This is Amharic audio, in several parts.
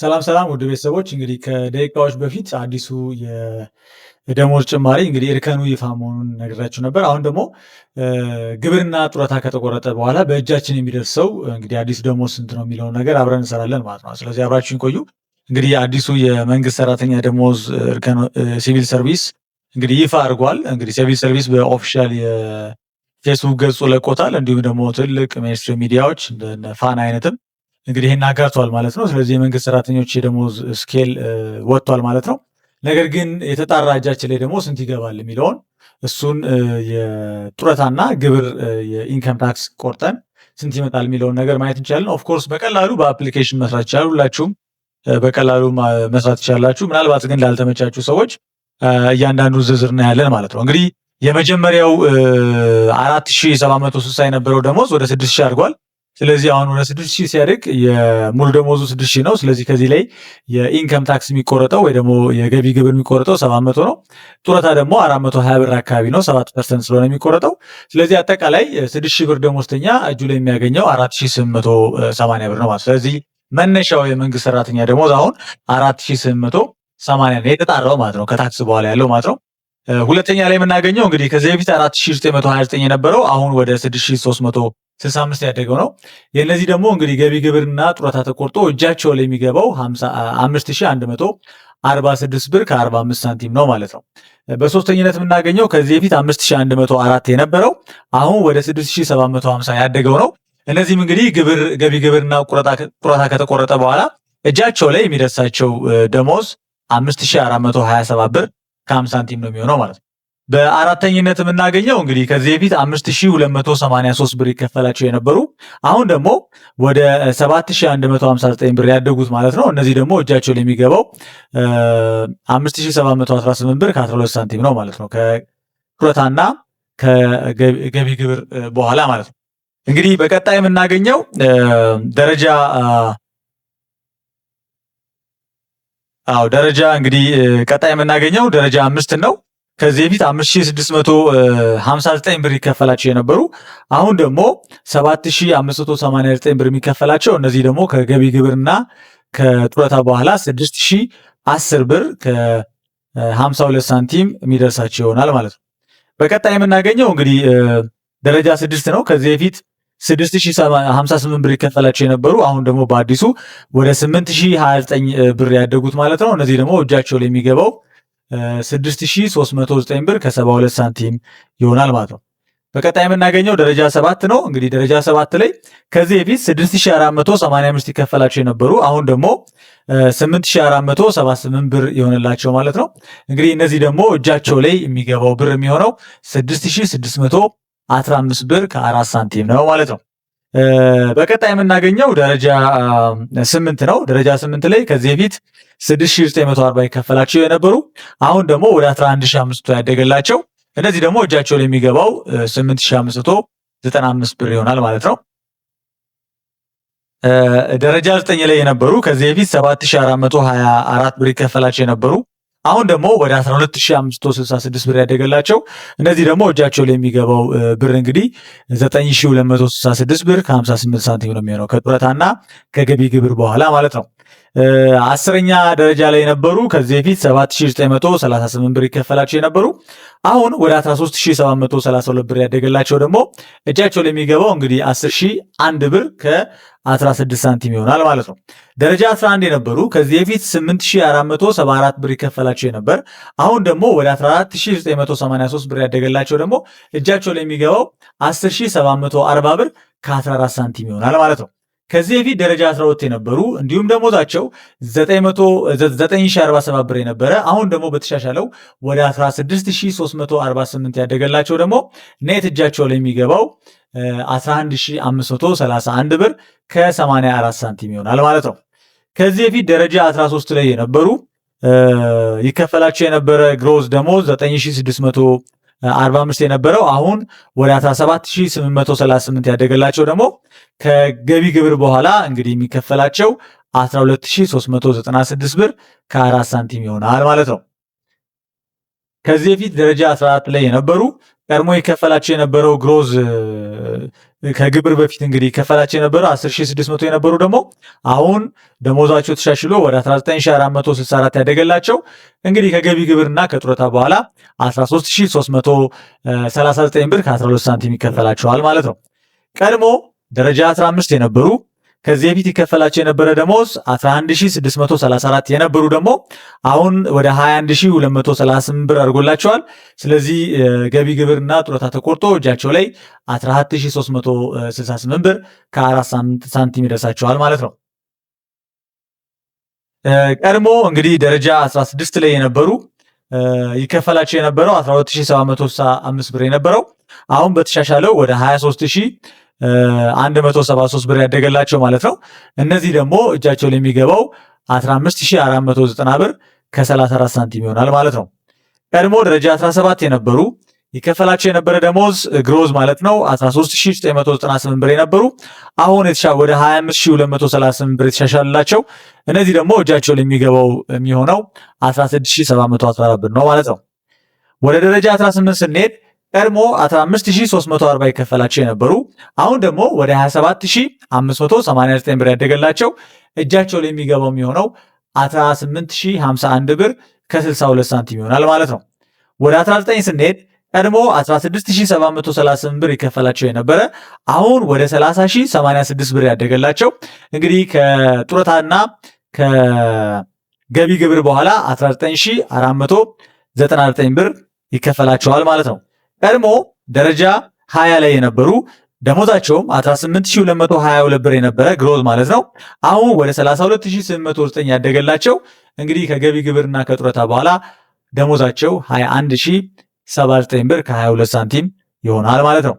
ሰላም ሰላም ውድ ቤተሰቦች እንግዲህ ከደቂቃዎች በፊት አዲሱ የደሞዝ ጭማሪ እንግዲህ እርከኑ ይፋ መሆኑን ነግራችሁ ነበር። አሁን ደግሞ ግብርና ጡረታ ከተቆረጠ በኋላ በእጃችን የሚደርሰው እንግዲህ አዲሱ ደሞዝ ስንት ነው የሚለውን ነገር አብረን እንሰራለን ማለት ነው። ስለዚህ አብራችሁን ቆዩ። እንግዲህ አዲሱ የመንግስት ሰራተኛ ደሞዝ ሲቪል ሰርቪስ እንግዲህ ይፋ አድርጓል። እንግዲህ ሲቪል ሰርቪስ በኦፊሻል የፌስቡክ ገጹ ለቆታል። እንዲሁም ደግሞ ትልቅ ሚኒስትሪ ሚዲያዎች ፋን አይነትም እንግዲህ ይህን አጋርቷል ማለት ነው። ስለዚህ የመንግስት ሰራተኞች የደሞዝ ስኬል ወጥቷል ማለት ነው። ነገር ግን የተጣራ እጃችን ላይ ደግሞ ስንት ይገባል የሚለውን እሱን የጡረታና ግብር የኢንከም ታክስ ቆርጠን ስንት ይመጣል የሚለውን ነገር ማየት እንችላለን። ኦፍኮርስ በቀላሉ በአፕሊኬሽን መስራት ይችላል። ሁላችሁም በቀላሉ መስራት ይችላላችሁ። ምናልባት ግን ላልተመቻችሁ ሰዎች እያንዳንዱ ዝርዝር እናያለን ማለት ነው። እንግዲህ የመጀመሪያው አራት ሺህ ሰባት መቶ ስልሳ የነበረው ደሞዝ ወደ ስድስት ሺህ አድርጓል። ስለዚህ አሁን ወደ ስድስት ሺህ ሲያድግ የሙሉ ደሞዙ ስድስት ሺህ ነው። ስለዚህ ከዚህ ላይ የኢንከም ታክስ የሚቆረጠው ወይ ደግሞ የገቢ ግብር የሚቆረጠው ሰባት መቶ ነው። ጡረታ ደግሞ አራት መቶ ሀያ ብር አካባቢ ነው፣ ሰባት ፐርሰንት ስለሆነ የሚቆረጠው። ስለዚህ አጠቃላይ ስድስት ሺህ ብር ደሞዝተኛ እጁ ላይ የሚያገኘው አራት ሺህ ስምንት መቶ ሰማንያ ብር ነው ማለት። ስለዚህ መነሻው የመንግስት ሰራተኛ ደሞዝ አሁን አራት ሺህ ስምንት መቶ ሰማንያ ነው የተጣራው ማለት ነው፣ ከታክስ በኋላ ያለው ማለት ነው። ሁለተኛ ላይ የምናገኘው እንግዲህ ከዚህ በፊት አራት ሺህ ዘጠኝ መቶ ሀያ ዘጠኝ የነበረው አሁን ወደ ስድስት ሺህ ሶስት መቶ ስልሳ አምስት ያደገው ነው። የእነዚህ ደግሞ እንግዲህ ገቢ ግብርና ጡረታ ተቆርጦ እጃቸው ላይ የሚገባው አምስት ሺህ አንድ መቶ አርባ ስድስት ብር ከአርባ አምስት ሳንቲም ነው ማለት ነው። በሶስተኝነት የምናገኘው ከዚህ በፊት አምስት ሺህ አንድ መቶ አራት የነበረው አሁን ወደ ስድስት ሺህ ሰባት መቶ ሀምሳ ያደገው ነው። እነዚህም እንግዲህ ግብር ገቢ ግብርና ጡረታ ከተቆረጠ በኋላ እጃቸው ላይ የሚደርሳቸው ደሞዝ አምስት ሺህ አራት መቶ ሀያ ሰባት ብር ሳንቲም ነው የሚሆነው ማለት ነው። በአራተኝነት የምናገኘው እንግዲህ ከዚህ በፊት 5283 ብር ይከፈላቸው የነበሩ አሁን ደግሞ ወደ 7159 ብር ያደጉት ማለት ነው። እነዚህ ደግሞ እጃቸው የሚገባው 5718 ብር ከ12 ሳንቲም ነው ማለት ነው። ከጡረታና ከገቢ ግብር በኋላ ማለት ነው። እንግዲህ በቀጣይ የምናገኘው ደረጃ አዎ ደረጃ እንግዲህ ቀጣይ የምናገኘው ደረጃ አምስት ነው። ከዚህ በፊት 5659 ብር ይከፈላቸው የነበሩ አሁን ደግሞ 7589 ብር የሚከፈላቸው እነዚህ ደግሞ ከገቢ ግብርና ከጡረታ በኋላ 6010 ብር ከ52 ሳንቲም የሚደርሳቸው ይሆናል ማለት ነው። በቀጣይ የምናገኘው እንግዲህ ደረጃ ስድስት ነው። ከዚህ በፊት 6058 ብር ይከፈላቸው የነበሩ አሁን ደግሞ በአዲሱ ወደ 8029 ብር ያደጉት ማለት ነው። እነዚህ ደግሞ እጃቸው ላይ የሚገባው 6309 ብር ከ72 ሳንቲም ይሆናል ማለት ነው። በቀጣይ የምናገኘው ደረጃ ሰባት ነው። እንግዲህ ደረጃ ሰባት ላይ ከዚህ በፊት 6485 ይከፈላቸው የነበሩ አሁን ደግሞ 8478 ብር የሆንላቸው ማለት ነው። እንግዲህ እነዚህ ደግሞ እጃቸው ላይ የሚገባው ብር የሚሆነው 6615 ብር ከ4 ሳንቲም ነው ማለት ነው። በቀጣይ የምናገኘው ደረጃ ስምንት ነው። ደረጃ ስምንት ላይ ከዚህ በፊት 6940 ይከፈላቸው የነበሩ አሁን ደግሞ ወደ 11500 ያደገላቸው እነዚህ ደግሞ እጃቸው ላይ የሚገባው 8595 ብር ይሆናል ማለት ነው። ደረጃ ዘጠኝ ላይ የነበሩ ከዚህ በፊት 7424 ብር ይከፈላቸው የነበሩ አሁን ደግሞ ወደ 12566 ብር ያደገላቸው እነዚህ ደግሞ እጃቸው ላይ የሚገባው ብር እንግዲህ 9266 ብር ከ58 ሳንቲም ነው የሚሆነው ከጡረታና ከገቢ ግብር በኋላ ማለት ነው። አስረኛ ደረጃ ላይ የነበሩ ከዚህ በፊት 7938 ብር ይከፈላቸው የነበሩ አሁን ወደ 13732 ብር ያደገላቸው ደግሞ እጃቸው ላይ የሚገባው እንግዲህ 10001 ብር ከ16 ሳንቲም ይሆናል ማለት ነው። ደረጃ 11 የነበሩ ከዚህ በፊት 8474 ብር ይከፈላቸው የነበር አሁን ደግሞ ወደ 14983 ብር ያደገላቸው ደግሞ እጃቸው ላይ የሚገባው 10740 ብር ከ14 ሳንቲም ይሆናል ማለት ነው። ከዚህ በፊት ደረጃ 12 የነበሩ እንዲሁም ደሞዛቸው 9047 ብር የነበረ አሁን ደግሞ በተሻሻለው ወደ 16348 ያደገላቸው ደግሞ ኔት እጃቸው ላይ የሚገባው 11531 ብር ከ84 ሳንቲም ይሆናል ማለት ነው። ከዚህ በፊት ደረጃ 13 ላይ የነበሩ ይከፈላቸው የነበረ ግሮዝ ደሞዝ 9600 45 የነበረው አሁን ወደ 17838 ያደገላቸው ደግሞ ከገቢ ግብር በኋላ እንግዲህ የሚከፈላቸው 12396 ብር ከ4 ሳንቲም ይሆናል ማለት ነው። ከዚህ በፊት ደረጃ 14 ላይ የነበሩ ቀድሞ ይከፈላቸው የነበረው ግሮዝ ከግብር በፊት እንግዲህ ይከፈላቸው የነበረው 10600 የነበሩ ደግሞ አሁን ደሞዛቸው ተሻሽሎ ወደ 19464 ያደገላቸው እንግዲህ ከገቢ ግብርና ከጡረታ በኋላ 13339 ብር ከ12 ሳንቲም ይከፈላቸዋል ማለት ነው። ቀድሞ ደረጃ 15 የነበሩ ከዚህ በፊት ይከፈላቸው የነበረ ደሞዝ 11634 የነበሩ ደግሞ አሁን ወደ 21238 ብር አድርጎላቸዋል። ስለዚህ ገቢ ግብርና ጡረታ ተቆርጦ እጃቸው ላይ 14368 ብር ከ4 ሳንቲም ይደርሳቸዋል ማለት ነው። ቀድሞ እንግዲህ ደረጃ 16 ላይ የነበሩ ይከፈላቸው የነበረው 12765 ብር የነበረው አሁን በተሻሻለው ወደ 23 173 ብር ያደገላቸው ማለት ነው። እነዚህ ደግሞ እጃቸው የሚገባው 15490 ብር ከ34 ሳንቲም ይሆናል ማለት ነው። ቀድሞ ደረጃ 17 የነበሩ ይከፈላቸው የነበረ ደሞዝ ግሮዝ ማለት ነው 13998 ብር የነበሩ አሁን ወደ 25238 ብር የተሻሻላቸው እነዚህ ደግሞ እጃቸው የሚገባው የሚሆነው 16714 ብር ነው ማለት ነው። ወደ ደረጃ 18 ስንሄድ ቀድሞ 15340 ይከፈላቸው የነበሩ አሁን ደግሞ ወደ 27589 ብር ያደገላቸው እጃቸው ላይ የሚገባው የሚሆነው 18051 ብር ከ62 ሳንቲም ይሆናል ማለት ነው። ወደ 19 ስንሄድ ቀድሞ 16738 ብር ይከፈላቸው የነበረ አሁን ወደ 30086 ብር ያደገላቸው እንግዲህ ከጡረታና ከገቢ ግብር በኋላ 19499 ብር ይከፈላቸዋል ማለት ነው። ቀድሞ ደረጃ ሀያ ላይ የነበሩ ደሞዛቸውም 18222 ብር የነበረ ግሮዝ ማለት ነው። አሁን ወደ 32809 ያደገላቸው እንግዲህ ከገቢ ግብርና ከጡረታ በኋላ ደሞዛቸው 21079 ብር ከ22 ሳንቲም ይሆናል ማለት ነው።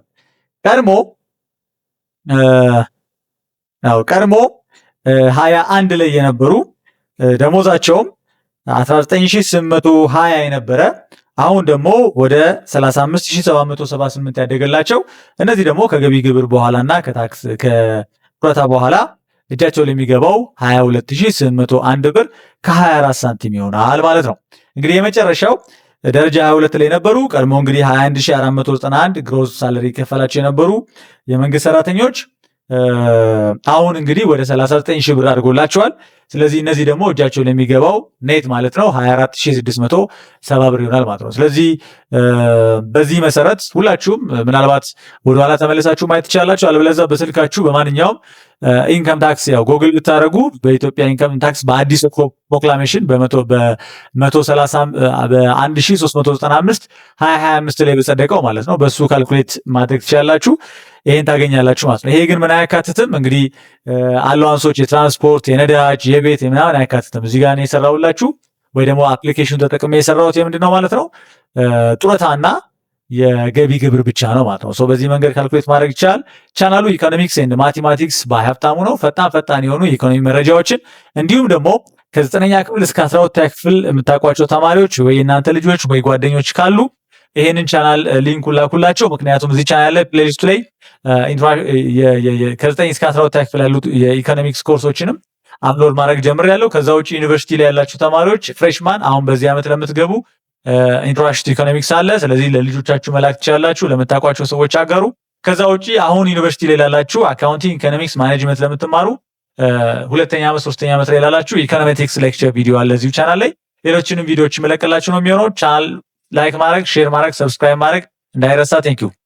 ቀድሞ ቀድሞ 21 ላይ የነበሩ ደሞዛቸውም 19820 የነበረ አሁን ደግሞ ወደ 35778 ያደገላቸው እነዚህ ደግሞ ከገቢ ግብር በኋላና ከታክስ ከጡረታ በኋላ እጃቸው ለሚገባው 22801 ብር ከ24 ሳንቲም ይሆናል ማለት ነው። እንግዲህ የመጨረሻው ደረጃ 22 ላይ የነበሩ ቀድሞ እንግዲህ 21491 ግሮስ ሳለሪ ከፈላቸው የነበሩ የመንግስት ሰራተኞች አሁን እንግዲህ ወደ 39 ሺህ ብር አድርጎላቸዋል። ስለዚህ እነዚህ ደግሞ እጃቸው ለሚገባው ኔት ማለት ነው 24670 ብር ይሆናል ማለት ነው። ስለዚህ በዚህ መሰረት ሁላችሁም ምናልባት ወደኋላ ተመለሳችሁ ማየት ትችላላችሁ። አለበለዛ በስልካችሁ በማንኛውም ኢንከም ታክስ ያው ጎግል ብታደረጉ በኢትዮጵያ ኢንከም ታክስ በአዲስ ፕሮክላሜሽን በ1395 2025 ላይ በጸደቀው ማለት ነው በሱ ካልኩሌት ማድረግ ትችላላችሁ። ይህን ታገኛላችሁ ማለት ነው። ይሄ ግን ምን አያካትትም እንግዲህ አለዋንሶች፣ የትራንስፖርት፣ የነዳጅ የቤት ምናምን አይካትትም። እዚህ ጋር የሰራሁላችሁ ወይ ደግሞ አፕሊኬሽኑ ተጠቅሜ የሰራሁት የምንድን ነው ማለት ነው ጡረታና የገቢ ግብር ብቻ ነው ማለት ነው። በዚህ መንገድ ካልኩሌት ማድረግ ይቻላል። ቻናሉ ኢኮኖሚክስ ኤንድ ማቴማቲክስ በሀብታሙ ነው። ፈጣን ፈጣን የሆኑ የኢኮኖሚ መረጃዎችን እንዲሁም ደግሞ ከዘጠነኛ ክፍል እስከ አስራ ሁለተኛ ክፍል የምታውቋቸው ተማሪዎች ወይ እናንተ ልጆች ወይ ጓደኞች ካሉ ይሄንን ቻናል ሊንኩ ላኩላቸው። ምክንያቱም እዚህ ቻናል ላይ ፕሌሊስቱ ላይ ከዘጠኝ እስከ አስራ ሁለተኛ ክፍል ያሉት የኢኮኖሚክስ ኮርሶችንም አፕሎድ ማድረግ ጀምር ያለው። ከዛ ውጭ ዩኒቨርሲቲ ላይ ያላችሁ ተማሪዎች ፍሬሽማን፣ አሁን በዚህ ዓመት ለምትገቡ ኢንትሮዳክሽን ኢኮኖሚክስ አለ። ስለዚህ ለልጆቻችሁ መላክ ትችላላችሁ፣ ለምታውቋቸው ሰዎች አገሩ ከዛ ውጭ አሁን ዩኒቨርሲቲ ላይ ላላችሁ አካውንቲንግ፣ ኢኮኖሚክስ፣ ማኔጅመንት ለምትማሩ ሁለተኛ ዓመት ሶስተኛ ዓመት ላይ ላላችሁ ኢኮኖሜቲክስ ሌክቸር ቪዲዮ አለ እዚሁ ቻናል ላይ። ሌሎችንም ቪዲዮዎች መለቀላችሁ ነው የሚሆነው። ቻናል ላይክ ማድረግ፣ ሼር ማድረግ፣ ሰብስክራይብ ማድረግ እንዳይረሳ። ቴንኪዩ